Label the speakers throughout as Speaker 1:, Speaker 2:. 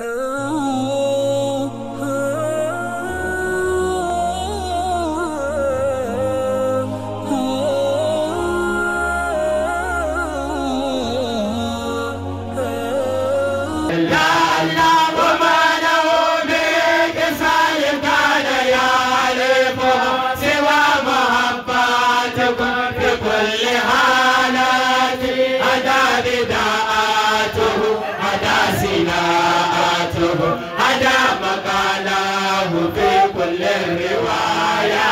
Speaker 1: Oh. yeah.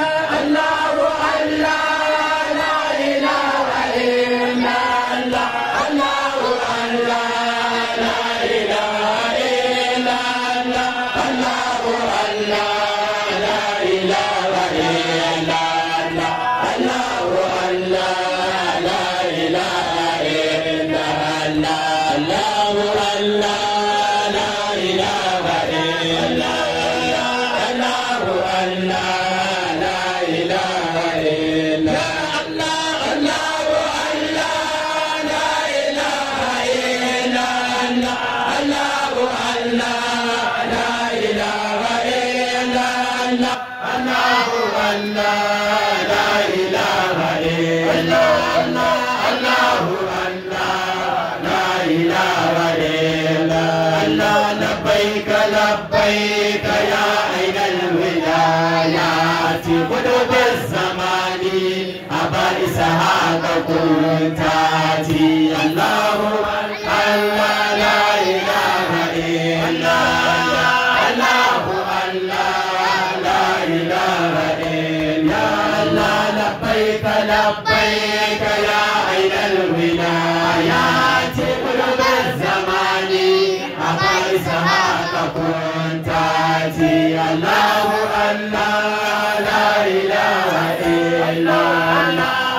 Speaker 1: الله الله رأيت يا عين الولايات قلوب الزمان أبا إسحاق كنت اللهم الله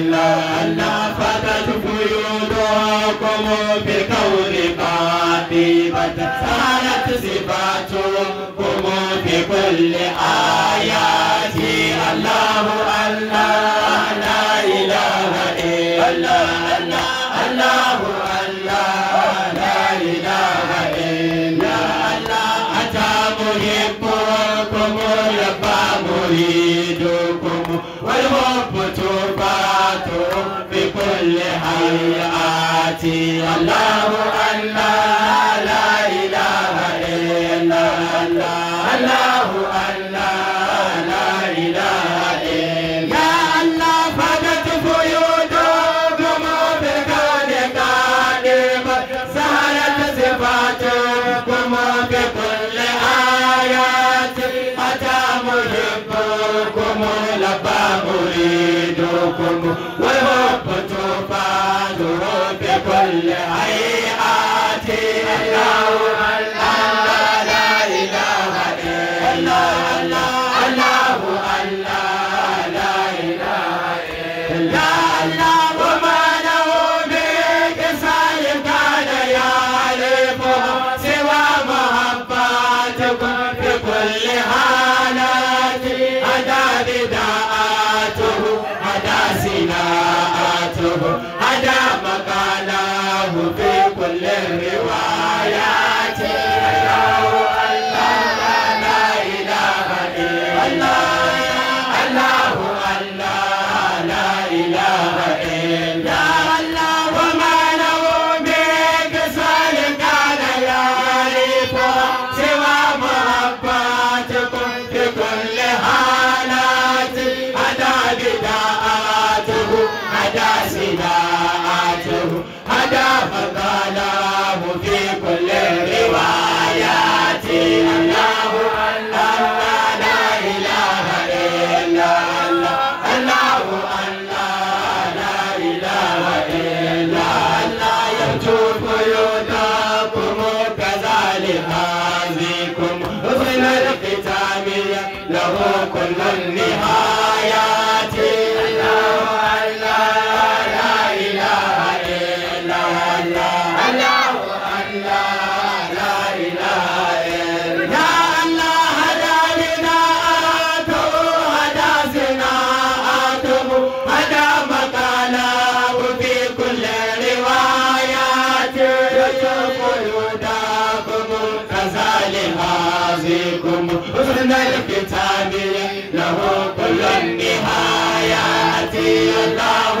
Speaker 1: Allah, Allah, la ilaha illallah. Allah كتابي Allah.